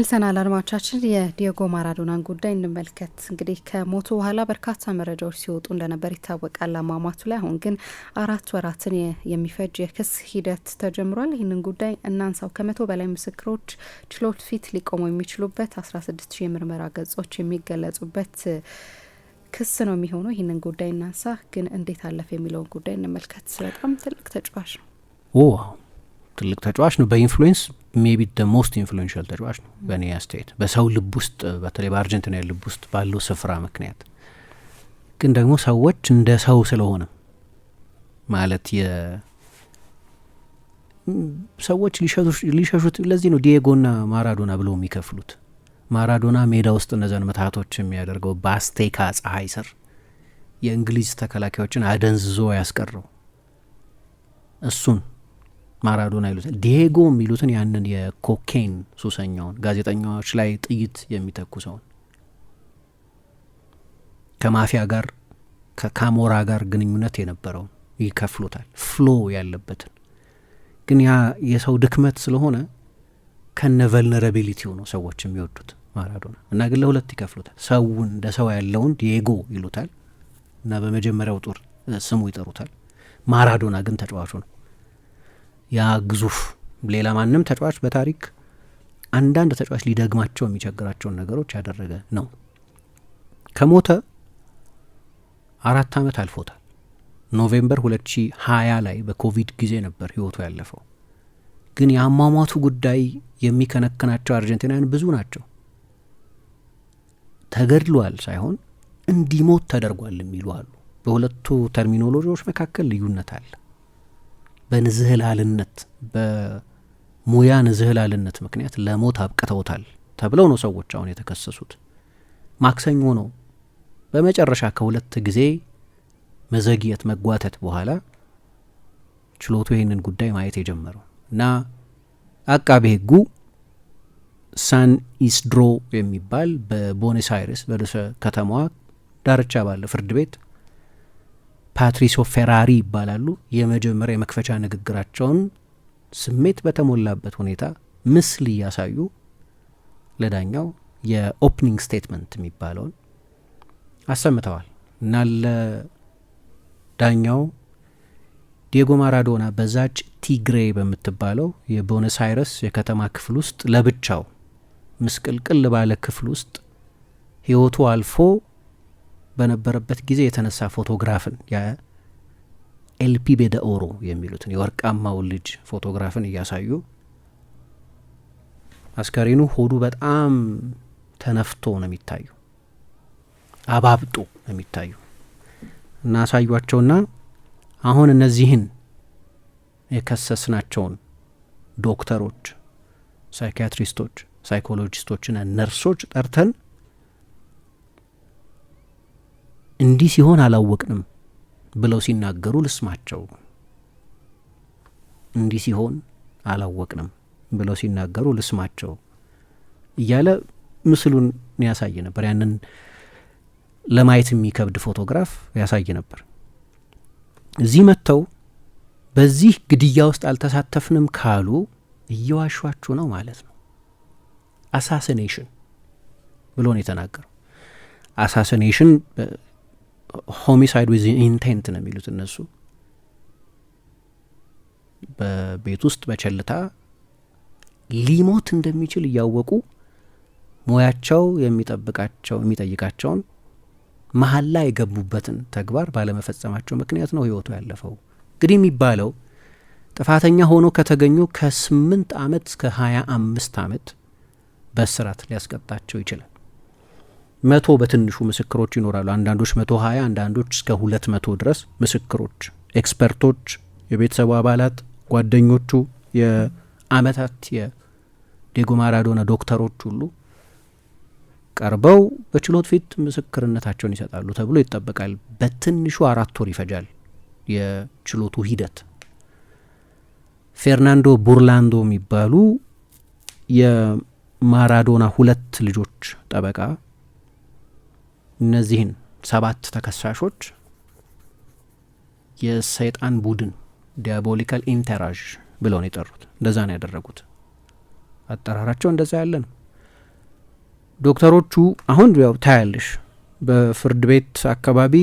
ተመልሰናል አድማጮቻችን። የዲየጎ ማራዶናን ጉዳይ እንመልከት። እንግዲህ ከሞቱ በኋላ በርካታ መረጃዎች ሲወጡ እንደነበር ይታወቃል አሟሟቱ ላይ። አሁን ግን አራት ወራትን የሚፈጅ የክስ ሂደት ተጀምሯል። ይህንን ጉዳይ እናንሳው። ከመቶ በላይ ምስክሮች ችሎት ፊት ሊቆሙ የሚችሉበት አስራ ስድስት ሺህ የምርመራ ገጾች የሚገለጹበት ክስ ነው የሚሆነው። ይህንን ጉዳይ እናንሳ፣ ግን እንዴት አለፈ የሚለውን ጉዳይ እንመልከት። በጣም ትልቅ ተጫዋች ነው። ትልቅ ተጫዋች ነው። በኢንፍሉዌንስ ሜቢ ደ ሞስት ኢንፍሉዌንሻል ተጫዋች ነው በእኔ አስተያየት፣ በሰው ልብ ውስጥ በተለይ በአርጀንቲና ልብ ውስጥ ባለው ስፍራ ምክንያት ግን ደግሞ ሰዎች እንደ ሰው ስለሆነ ማለት ሰዎች ሊሸሹት ለዚህ ነው ዲየጎና ማራዶና ብለው የሚከፍሉት። ማራዶና ሜዳ ውስጥ እነዚያን መትሀቶች የሚያደርገው በአስቴካ ፀሐይ ስር የእንግሊዝ ተከላካዮችን አደንዝዞ ያስቀረው እሱን ማራዶና ይሉታል ዲዬጎ የሚሉትን ያንን የኮኬን ሱሰኛውን ጋዜጠኛዎች ላይ ጥይት የሚተኩሰውን ከማፊያ ጋር ከካሞራ ጋር ግንኙነት የነበረውን ይከፍሉታል። ፍሎ ያለበትን ግን ያ የሰው ድክመት ስለሆነ ከነ ቨልነራቢሊቲው ነው ሰዎች የሚወዱት ማራዶና እና ግን ለሁለት ይከፍሉታል። ሰውን እንደ ሰው ያለውን ዲዬጎ ይሉታል እና በመጀመሪያው ጦር ስሙ ይጠሩታል። ማራዶና ግን ተጫዋቹ ነው። ያ ግዙፍ ሌላ ማንም ተጫዋች በታሪክ አንዳንድ ተጫዋች ሊደግማቸው የሚቸግራቸውን ነገሮች ያደረገ ነው። ከሞተ አራት ዓመት አልፎታል። ኖቬምበር 2020 ላይ በኮቪድ ጊዜ ነበር ህይወቱ ያለፈው። ግን የአሟሟቱ ጉዳይ የሚከነክናቸው አርጀንቲናውያን ብዙ ናቸው። ተገድሏል ሳይሆን እንዲሞት ተደርጓል የሚሉ አሉ። በሁለቱ ተርሚኖሎጂዎች መካከል ልዩነት አለ። በንዝህላልነት በሙያ ንዝህላልነት ምክንያት ለሞት አብቅተውታል ተብለው ነው ሰዎች አሁን የተከሰሱት። ማክሰኞ ነው በመጨረሻ ከሁለት ጊዜ መዘግየት መጓተት በኋላ ችሎቱ ይህንን ጉዳይ ማየት የጀመረው እና አቃቤ ሕጉ ሳን ኢስድሮ የሚባል በቦኔስ አይረስ በርዕሰ ከተማዋ ዳርቻ ባለ ፍርድ ቤት ፓትሪሶ ፌራሪ ይባላሉ። የመጀመሪያ የመክፈቻ ንግግራቸውን ስሜት በተሞላበት ሁኔታ ምስል እያሳዩ ለዳኛው የኦፕኒንግ ስቴትመንት የሚባለውን አሰምተዋል እና ለዳኛው ዲየጎ ማራዶና በዛች ቲግሬ በምትባለው የቦነስ አይረስ የከተማ ክፍል ውስጥ ለብቻው ምስቅልቅል ባለ ክፍል ውስጥ ሕይወቱ አልፎ በነበረበት ጊዜ የተነሳ ፎቶግራፍን የኤልፒ ቤደኦሮ የሚሉትን የወርቃማው ልጅ ፎቶግራፍን እያሳዩ አስከሬኑ ሆዱ በጣም ተነፍቶ ነው የሚታዩ፣ አባብጦ ነው የሚታዩ እና አሳዩቸውና አሁን እነዚህን የከሰስናቸውን ዶክተሮች፣ ሳይኪያትሪስቶች፣ ሳይኮሎጂስቶችና ነርሶች ጠርተን እንዲህ ሲሆን አላወቅንም ብለው ሲናገሩ ልስማቸው። እንዲህ ሲሆን አላወቅንም ብለው ሲናገሩ ልስማቸው እያለ ምስሉን ያሳይ ነበር። ያንን ለማየት የሚከብድ ፎቶግራፍ ያሳይ ነበር። እዚህ መጥተው በዚህ ግድያ ውስጥ አልተሳተፍንም ካሉ እየዋሿችሁ ነው ማለት ነው። አሳሲኔሽን ብሎ ነው የተናገረው። አሳሲኔሽን ሆሚሳይድ ዊዝ ኢንቴንት ነው የሚሉት እነሱ። በቤት ውስጥ በቸልታ ሊሞት እንደሚችል እያወቁ ሙያቸው የሚጠብቃቸው የሚጠይቃቸውን ላይ የገቡበትን ተግባር ባለመፈጸማቸው ምክንያት ነው ህይወቱ ያለፈው። እንግዲህ የሚባለው ጥፋተኛ ሆኖ ከተገኙ ከስምንት አመት እስከ ሀያ አምስት አመት በእስራት ሊያስቀጣቸው ይችላል። መቶ በትንሹ ምስክሮች ይኖራሉ። አንዳንዶች መቶ ሀያ አንዳንዶች እስከ ሁለት መቶ ድረስ ምስክሮች፣ ኤክስፐርቶች፣ የቤተሰቡ አባላት፣ ጓደኞቹ፣ የአመታት የዴጎ ማራዶና ዶክተሮች ሁሉ ቀርበው በችሎት ፊት ምስክርነታቸውን ይሰጣሉ ተብሎ ይጠበቃል። በትንሹ አራት ወር ይፈጃል የችሎቱ ሂደት። ፌርናንዶ ቡርላንዶ የሚባሉ የማራዶና ሁለት ልጆች ጠበቃ እነዚህን ሰባት ተከሳሾች የሰይጣን ቡድን ዲያቦሊካል ኢንተራዥ ብለው ነው የጠሩት። እንደዛ ነው ያደረጉት። አጠራራቸው እንደዛ ያለ ነው። ዶክተሮቹ አሁን ያው ታያለሽ፣ በፍርድ ቤት አካባቢ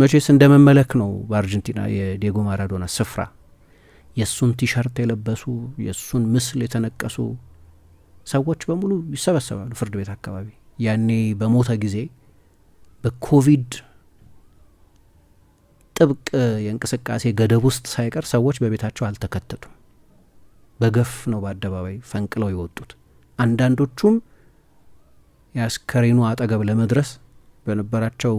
መቼስ እንደመመለክ ነው። በአርጀንቲና የዲየጎ ማራዶና ስፍራ የእሱን ቲሸርት የለበሱ የእሱን ምስል የተነቀሱ ሰዎች በሙሉ ይሰበሰባሉ ፍርድ ቤት አካባቢ። ያኔ በሞተ ጊዜ በኮቪድ ጥብቅ የእንቅስቃሴ ገደብ ውስጥ ሳይቀር ሰዎች በቤታቸው አልተከተቱም። በገፍ ነው በአደባባይ ፈንቅለው የወጡት። አንዳንዶቹም የአስከሬኑ አጠገብ ለመድረስ በነበራቸው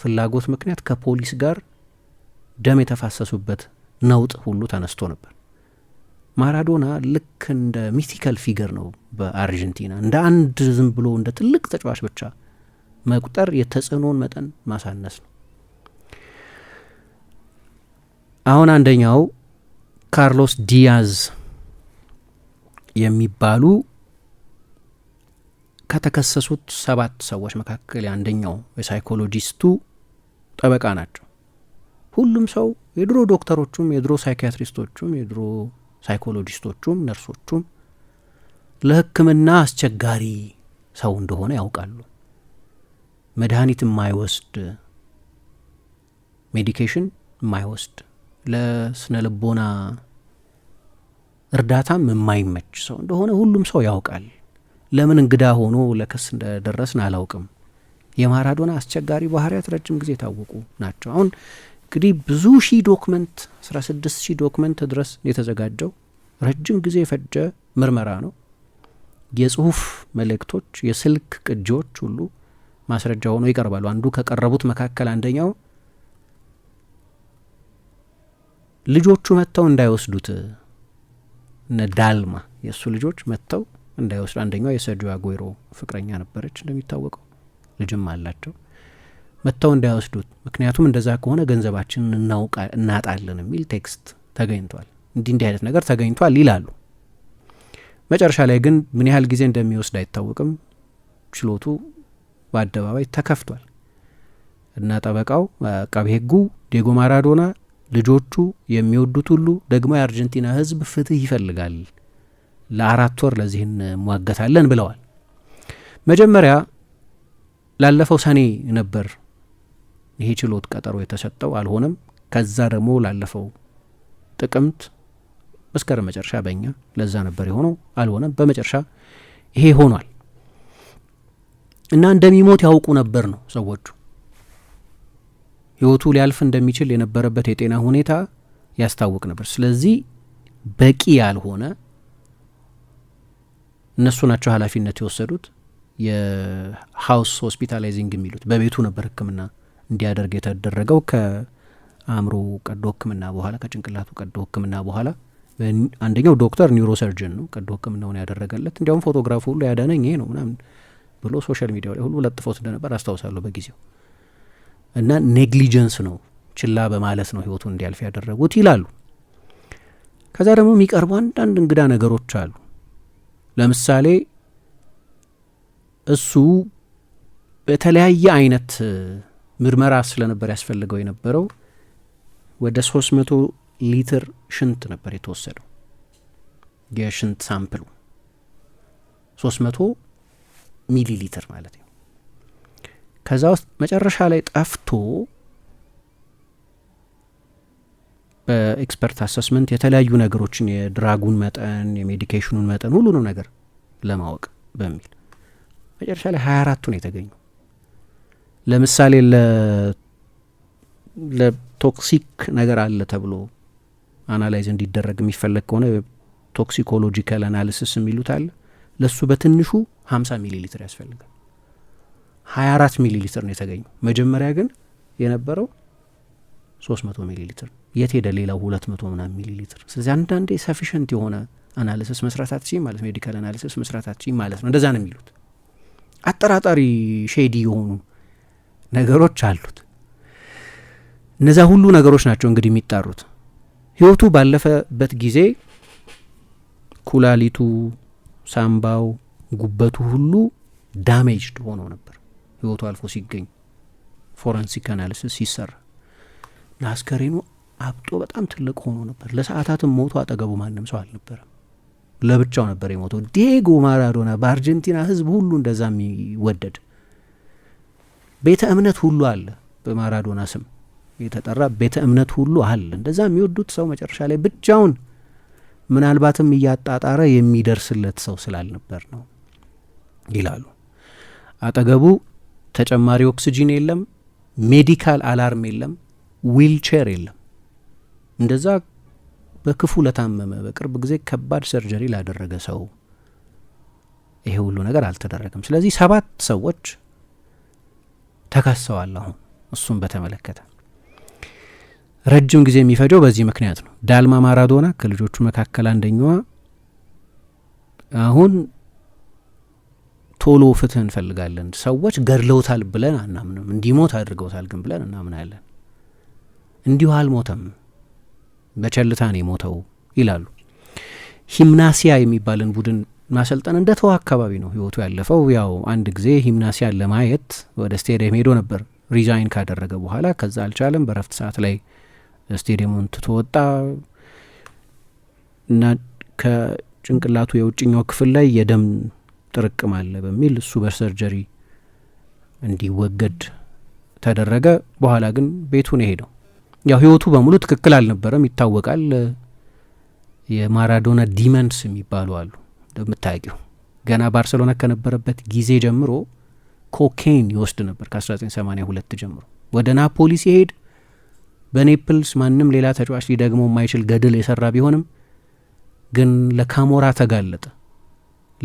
ፍላጎት ምክንያት ከፖሊስ ጋር ደም የተፋሰሱበት ነውጥ ሁሉ ተነስቶ ነበር። ማራዶና ልክ እንደ ሚቲካል ፊገር ነው በአርጀንቲና እንደ አንድ ዝም ብሎ እንደ ትልቅ ተጫዋች ብቻ መቁጠር የተጽዕኖን መጠን ማሳነስ ነው። አሁን አንደኛው ካርሎስ ዲያዝ የሚባሉ ከተከሰሱት ሰባት ሰዎች መካከል አንደኛው የሳይኮሎጂስቱ ጠበቃ ናቸው። ሁሉም ሰው የድሮ ዶክተሮቹም፣ የድሮ ሳይኪያትሪስቶቹም፣ የድሮ ሳይኮሎጂስቶቹም፣ ነርሶቹም ለሕክምና አስቸጋሪ ሰው እንደሆነ ያውቃሉ። መድኃኒት የማይወስድ ሜዲኬሽን የማይወስድ ለስነ ልቦና እርዳታም የማይመች ሰው እንደሆነ ሁሉም ሰው ያውቃል። ለምን እንግዳ ሆኖ ለክስ እንደደረስን አላውቅም። የማራዶና አስቸጋሪ ባህሪያት ረጅም ጊዜ የታወቁ ናቸው። አሁን እንግዲህ ብዙ ሺህ ዶክመንት ስድስት ሺህ ዶክመንት ድረስ የተዘጋጀው ረጅም ጊዜ የፈጀ ምርመራ ነው። የጽሁፍ መልእክቶች፣ የስልክ ቅጂዎች ሁሉ ማስረጃ ሆኖ ይቀርባሉ። አንዱ ከቀረቡት መካከል አንደኛው ልጆቹ መጥተው እንዳይወስዱት እነ ዳልማ የእሱ ልጆች መጥተው እንዳይወስዱ። አንደኛው የሰርጂዮ አጉዌሮ ፍቅረኛ ነበረች እንደሚታወቀው፣ ልጅም አላቸው። መጥተው እንዳይወስዱት፣ ምክንያቱም እንደዛ ከሆነ ገንዘባችንን እናጣለን የሚል ቴክስት ተገኝቷል። እንዲህ እንዲህ አይነት ነገር ተገኝቷል ይላሉ። መጨረሻ ላይ ግን ምን ያህል ጊዜ እንደሚወስድ አይታወቅም ችሎቱ በአደባባይ ተከፍቷል እና ጠበቃው አቃቤ ሕጉ ዴጎ ማራዶና ልጆቹ የሚወዱት ሁሉ ደግሞ የአርጀንቲና ህዝብ ፍትህ ይፈልጋል፣ ለአራት ወር ለዚህ እንሟገታለን ብለዋል። መጀመሪያ ላለፈው ሰኔ ነበር ይሄ ችሎት ቀጠሮ የተሰጠው አልሆነም። ከዛ ደግሞ ላለፈው ጥቅምት መስከረም መጨረሻ በእኛ ለዛ ነበር የሆነው አልሆነም። በመጨረሻ ይሄ ሆኗል። እና እንደሚሞት ያውቁ ነበር ነው ሰዎቹ። ህይወቱ ሊያልፍ እንደሚችል የነበረበት የጤና ሁኔታ ያስታውቅ ነበር። ስለዚህ በቂ ያልሆነ እነሱ ናቸው ኃላፊነት የወሰዱት የሀውስ ሆስፒታላይዚንግ የሚሉት በቤቱ ነበር ህክምና እንዲያደርግ የተደረገው ከአእምሮ ቀዶ ህክምና በኋላ ከጭንቅላቱ ቀዶ ህክምና በኋላ አንደኛው ዶክተር ኒውሮሰርጅን ነው ቀዶ ህክምናውን ያደረገለት። እንዲያውም ፎቶግራፍ ሁሉ ያዳነኝ ይሄ ነው ምናምን ብሎ ሶሻል ሚዲያው ላይ ሁሉ ለጥፎት እንደነበር አስታውሳለሁ በጊዜው እና ኔግሊጀንስ ነው ችላ በማለት ነው ህይወቱን እንዲያልፍ ያደረጉት ይላሉ። ከዛ ደግሞ የሚቀርቡ አንዳንድ እንግዳ ነገሮች አሉ። ለምሳሌ እሱ በተለያየ አይነት ምርመራ ስለነበር ያስፈልገው የነበረው ወደ ሶስት መቶ ሊትር ሽንት ነበር የተወሰደው የሽንት ሳምፕሉ ሶስት መቶ ሚሊ ሊትር ማለት ነው። ከዛ ውስጥ መጨረሻ ላይ ጠፍቶ በኤክስፐርት አሰስመንት የተለያዩ ነገሮችን የድራጉን መጠን የሜዲኬሽኑን መጠን ሁሉንም ነገር ለማወቅ በሚል መጨረሻ ላይ ሀያ አራቱ ነው የተገኙ። ለምሳሌ ለቶክሲክ ነገር አለ ተብሎ አናላይዝ እንዲደረግ የሚፈለግ ከሆነ ቶክሲኮሎጂካል አናሊሲስ የሚሉት አለ። ለእሱ በትንሹ 50 ሚሊ ሊትር ያስፈልጋል። 24 ሚሊ ሊትር ነው የተገኙ። መጀመሪያ ግን የነበረው 300 ሚሊ ሊትር የት ሄደ? ሌላው 200 ምናምን ሚሊ ሊትር። ስለዚህ አንዳንዴ ሰፊሽንት የሆነ አናሊሲስ መስራት ሲ ማለት ሜዲካል አናሊሲስ መስራት ሲ ማለት ነው። እንደዛ ነው የሚሉት። አጠራጣሪ ሼዲ የሆኑ ነገሮች አሉት። እነዛ ሁሉ ነገሮች ናቸው እንግዲህ የሚጣሩት ህይወቱ ባለፈበት ጊዜ ኩላሊቱ ሳምባው፣ ጉበቱ ሁሉ ዳሜጅድ ሆኖ ነበር ህይወቱ አልፎ ሲገኝ ፎረንሲክ አናሊሲስ ሲሰራ ለአስከሬኑ አብጦ በጣም ትልቅ ሆኖ ነበር። ለሰዓታትም ሞቶ አጠገቡ ማንም ሰው አልነበረም። ለብቻው ነበር የሞተው። ዲዬጎ ማራዶና በአርጀንቲና ህዝብ ሁሉ እንደዛ የሚወደድ ቤተ እምነት ሁሉ አለ። በማራዶና ስም የተጠራ ቤተ እምነት ሁሉ አለ። እንደዛ የሚወዱት ሰው መጨረሻ ላይ ብቻውን ምናልባትም እያጣጣረ የሚደርስለት ሰው ስላልነበር ነው ይላሉ። አጠገቡ ተጨማሪ ኦክስጂን የለም፣ ሜዲካል አላርም የለም፣ ዊልቸር የለም። እንደዛ በክፉ ለታመመ በቅርብ ጊዜ ከባድ ሰርጀሪ ላደረገ ሰው ይሄ ሁሉ ነገር አልተደረገም። ስለዚህ ሰባት ሰዎች ተከሰዋል አሁን እሱን በተመለከተ ረጅም ጊዜ የሚፈጀው በዚህ ምክንያት ነው። ዳልማ ማራዶና ከልጆቹ መካከል አንደኛዋ አሁን ቶሎ ፍትህ እንፈልጋለን፣ ሰዎች ገድለውታል ብለን አናምንም፣ እንዲሞት አድርገውታል ግን ብለን እናምናለን። እንዲሁ አልሞተም፣ በቸልታ ነው የሞተው ይላሉ። ሂምናሲያ የሚባልን ቡድን ማሰልጠን እንደ ተወ አካባቢ ነው ህይወቱ ያለፈው። ያው አንድ ጊዜ ሂምናሲያን ለማየት ወደ ስቴዲየም ሄዶ ነበር ሪዛይን ካደረገ በኋላ ከዛ አልቻለም። በረፍት ሰዓት ላይ ስቴዲየሙን ትቶ ወጣ እና ከጭንቅላቱ የውጭኛው ክፍል ላይ የደም ጥርቅም አለ በሚል እሱ በሰርጀሪ እንዲወገድ ተደረገ። በኋላ ግን ቤቱ ነው የሄደው። ያው ህይወቱ በሙሉ ትክክል አልነበረም ይታወቃል። የማራዶና ዲመንስ የሚባሉ አሉ እንደምታውቂው። ገና ባርሰሎና ከነበረበት ጊዜ ጀምሮ ኮኬን ይወስድ ነበር ከ1982 ጀምሮ። ወደ ናፖሊ ሲሄድ በኔፕልስ ማንም ሌላ ተጫዋች ሊደግሞ የማይችል ገድል የሰራ ቢሆንም ግን ለካሞራ ተጋለጠ።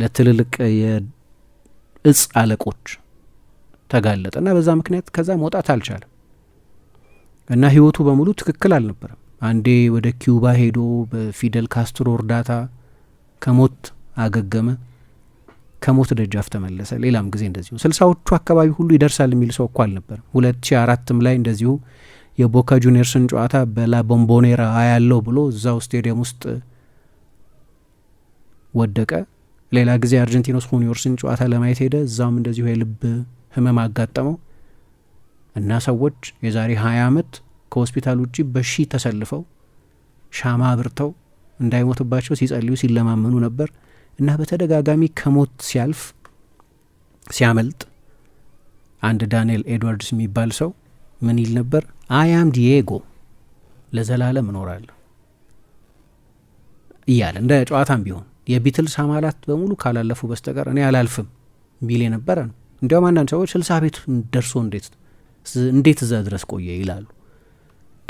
ለትልልቅ የእጽ አለቆች ተጋለጠ እና በዛ ምክንያት ከዛ መውጣት አልቻለም እና ህይወቱ በሙሉ ትክክል አልነበረም። አንዴ ወደ ኪዩባ ሄዶ በፊደል ካስትሮ እርዳታ ከሞት አገገመ። ከሞት ደጃፍ ተመለሰ። ሌላም ጊዜ እንደዚሁ ስልሳዎቹ አካባቢ ሁሉ ይደርሳል የሚል ሰው እኮ አልነበረም። ሁለት ሺ አራትም ላይ እንደዚሁ የቦካ ጁኒየርስን ጨዋታ በላ ቦምቦኔራ አያለው ብሎ እዛው ስቴዲየም ውስጥ ወደቀ። ሌላ ጊዜ አርጀንቲኖስ ሁኒዮርስን ጨዋታ ለማየት ሄደ። እዛውም እንደዚሁ የልብ ህመም አጋጠመው እና ሰዎች የዛሬ ሀያ ዓመት ከሆስፒታል ውጪ በሺ ተሰልፈው ሻማ አብርተው እንዳይሞትባቸው ሲጸልዩ ሲለማመኑ ነበር እና በተደጋጋሚ ከሞት ሲያልፍ ሲያመልጥ አንድ ዳንኤል ኤድዋርድስ የሚባል ሰው ምን ይል ነበር? አያም ዲዬጎ ለዘላለም እኖራለሁ እያለ እንደ ጨዋታም ቢሆን የቢትልስ አማላት በሙሉ ካላለፉ በስተቀር እኔ አላልፍም ቢል የነበረ ነው። እንዲያውም አንዳንድ ሰዎች ስልሳ ቤት ደርሶ እንዴት እንዴት እዛ ድረስ ቆየ ይላሉ።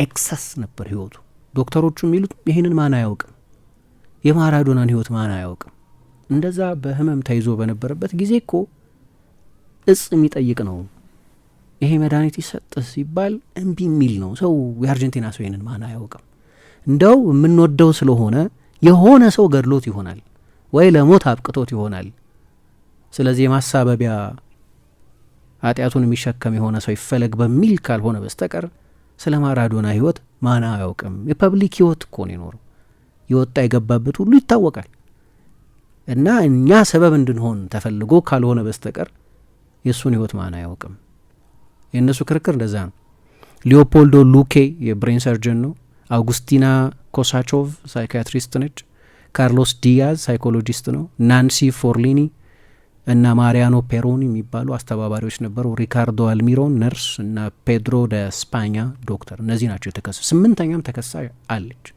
ኤክሰስ ነበር ህይወቱ። ዶክተሮቹ የሚሉት ይህንን ማን አያውቅም፣ የማራዶናን ህይወት ማን አያውቅም። እንደዛ በህመም ተይዞ በነበረበት ጊዜ እኮ እጽ የሚጠይቅ ነው ይሄ መድኃኒት ይሰጥ ሲባል እምቢ የሚል ነው ሰው። የአርጀንቲና ሰው ይንን ማን አያውቅም። እንደው የምንወደው ስለሆነ የሆነ ሰው ገድሎት ይሆናል ወይ ለሞት አብቅቶት ይሆናል። ስለዚህ የማሳበቢያ ኃጢአቱን የሚሸከም የሆነ ሰው ይፈለግ በሚል ካልሆነ በስተቀር ስለ ማራዶና ህይወት ማን አያውቅም። የፐብሊክ ህይወት እኮ ነው የኖረው። የወጣ የገባበት ሁሉ ይታወቃል። እና እኛ ሰበብ እንድንሆን ተፈልጎ ካልሆነ በስተቀር የእሱን ህይወት ማን አያውቅም። የእነሱ ክርክር እንደዛ ነው። ሊዮፖልዶ ሉኬ የብሬን ሰርጀን ነው። አውጉስቲና ኮሳቾቭ ሳይካትሪስት ነች። ካርሎስ ዲያዝ ሳይኮሎጂስት ነው። ናንሲ ፎርሊኒ እና ማሪያኖ ፔሮኒ የሚባሉ አስተባባሪዎች ነበሩ። ሪካርዶ አልሚሮን ነርስ እና ፔድሮ ደ ስፓኛ ዶክተር። እነዚህ ናቸው የተከሰ ስምንተኛም ተከሳሽ አለች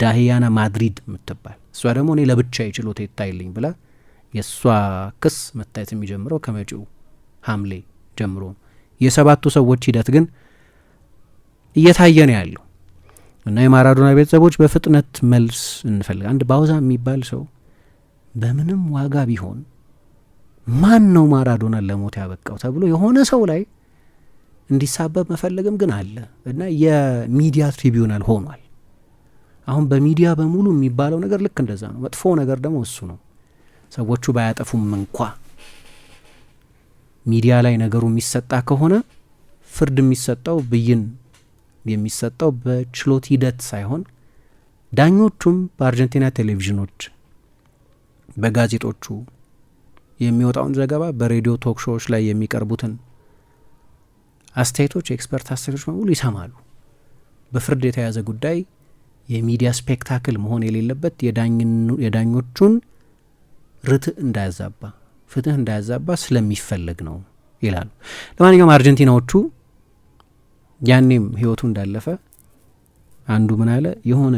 ዳህያና ማድሪድ የምትባል እሷ ደግሞ እኔ ለብቻ የችሎት ይታይልኝ ብላ የእሷ ክስ መታየት የሚጀምረው ከመጪው ሐምሌ ጀምሮ ነው። የሰባቱ ሰዎች ሂደት ግን እየታየ ነው ያለው እና የማራዶና ቤተሰቦች በፍጥነት መልስ እንፈልግ። አንድ ባውዛ የሚባል ሰው በምንም ዋጋ ቢሆን ማን ነው ማራዶናን ለሞት ያበቃው ተብሎ የሆነ ሰው ላይ እንዲሳበብ መፈለግም ግን አለ እና የሚዲያ ትሪቢዩናል ሆኗል። አሁን በሚዲያ በሙሉ የሚባለው ነገር ልክ እንደዛ ነው። መጥፎ ነገር ደግሞ እሱ ነው። ሰዎቹ ባያጠፉም እንኳ ሚዲያ ላይ ነገሩ የሚሰጣ ከሆነ ፍርድ የሚሰጠው ብይን የሚሰጠው በችሎት ሂደት ሳይሆን ዳኞቹም በአርጀንቲና ቴሌቪዥኖች፣ በጋዜጦቹ የሚወጣውን ዘገባ፣ በሬዲዮ ቶክሾዎች ላይ የሚቀርቡትን አስተያየቶች፣ ኤክስፐርት አስተያየቶች በሙሉ ይሰማሉ። በፍርድ የተያዘ ጉዳይ የሚዲያ ስፔክታክል መሆን የሌለበት የዳኞቹን ርትዕ እንዳያዛባ ፍትህ እንዳያዛባ ስለሚፈለግ ነው ይላሉ። ለማንኛውም አርጀንቲናዎቹ ያኔም ህይወቱ እንዳለፈ አንዱ ምን አለ፣ የሆነ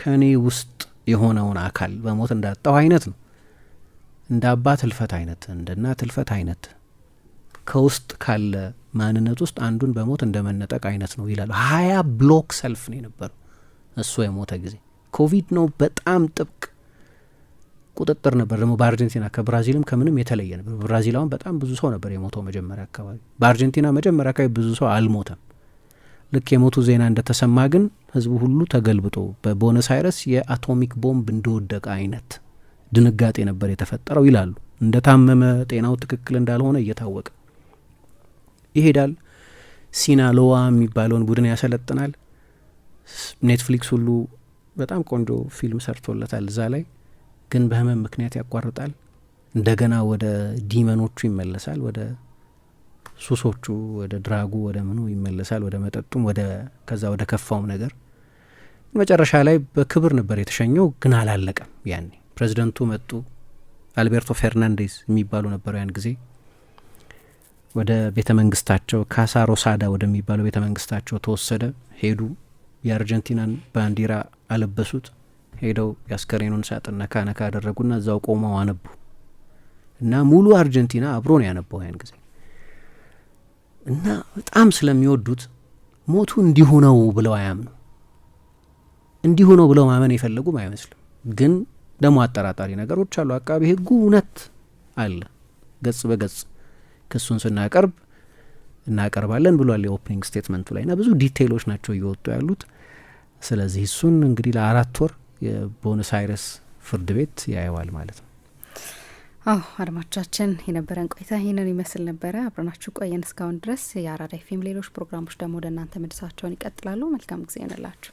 ከኔ ውስጥ የሆነውን አካል በሞት እንዳጣው አይነት ነው እንደ አባት ህልፈት አይነት እንደ እናት ህልፈት አይነት ከውስጥ ካለ ማንነት ውስጥ አንዱን በሞት እንደ መነጠቅ አይነት ነው ይላሉ። ሀያ ብሎክ ሰልፍ ነው የነበረው እሱ የሞተ ጊዜ ኮቪድ ነው። በጣም ጥብቅ ቁጥጥር ነበር ደግሞ በአርጀንቲና ከብራዚልም ከምንም የተለየ ነበር። በብራዚል አሁን በጣም ብዙ ሰው ነበር የሞተው መጀመሪያ አካባቢ። በአርጀንቲና መጀመሪያ አካባቢ ብዙ ሰው አልሞተም። ልክ የሞቱ ዜና እንደተሰማ ግን ህዝቡ ሁሉ ተገልብጦ በቦነስ አይረስ የአቶሚክ ቦምብ እንደወደቀ አይነት ድንጋጤ ነበር የተፈጠረው ይላሉ። እንደታመመ ጤናው ትክክል እንዳልሆነ እየታወቀ ይሄዳል። ሲናሎዋ የሚባለውን ቡድን ያሰለጥናል። ኔትፍሊክስ ሁሉ በጣም ቆንጆ ፊልም ሰርቶለታል እዛ ላይ ግን በህመም ምክንያት ያቋርጣል። እንደገና ወደ ዲመኖቹ ይመለሳል፣ ወደ ሱሶቹ፣ ወደ ድራጉ፣ ወደ ምኑ ይመለሳል፣ ወደ መጠጡም፣ ወደ ከዛ ወደ ከፋውም ነገር መጨረሻ ላይ በክብር ነበር የተሸኘው። ግን አላለቀም። ያኔ ፕሬዚደንቱ መጡ። አልቤርቶ ፌርናንዴዝ የሚባሉ ነበሩ ያን ጊዜ ወደ ቤተ መንግስታቸው ካሳ ሮሳዳ ወደሚባለው ቤተ መንግስታቸው ተወሰደ። ሄዱ። የአርጀንቲናን ባንዲራ አለበሱት። ሄደው የአስከሬኑን ሳጥን ነካ ነካ አደረጉና እዛው ቆመው አነቡ እና ሙሉ አርጀንቲና አብሮ ነው ያነባው ያን ጊዜ እና በጣም ስለሚወዱት ሞቱ እንዲሁ ነው ብለው አያምኑ። እንዲሁ ነው ብለው ማመን የፈለጉም አይመስልም። ግን ደግሞ አጠራጣሪ ነገሮች አሉ። አቃቤ ሕጉ እውነት አለ ገጽ በገጽ ክሱን ስናቀርብ እናቀርባለን ብሏል የኦፕኒንግ ስቴትመንቱ ላይ እና ብዙ ዲቴይሎች ናቸው እየወጡ ያሉት። ስለዚህ እሱን እንግዲህ ለአራት ወር የቦነስ አይረስ ፍርድ ቤት ያየዋል ማለት ነው። አዎ አድማጮቻችን፣ የነበረን ቆይታ ይህንን ይመስል ነበረ። አብረናችሁ ቆየን እስካሁን ድረስ። የአራዳ ኤፍ ኤም ሌሎች ፕሮግራሞች ደግሞ ወደ እናንተ መድሳቸውን ይቀጥላሉ። መልካም ጊዜ ይሆንላችሁ።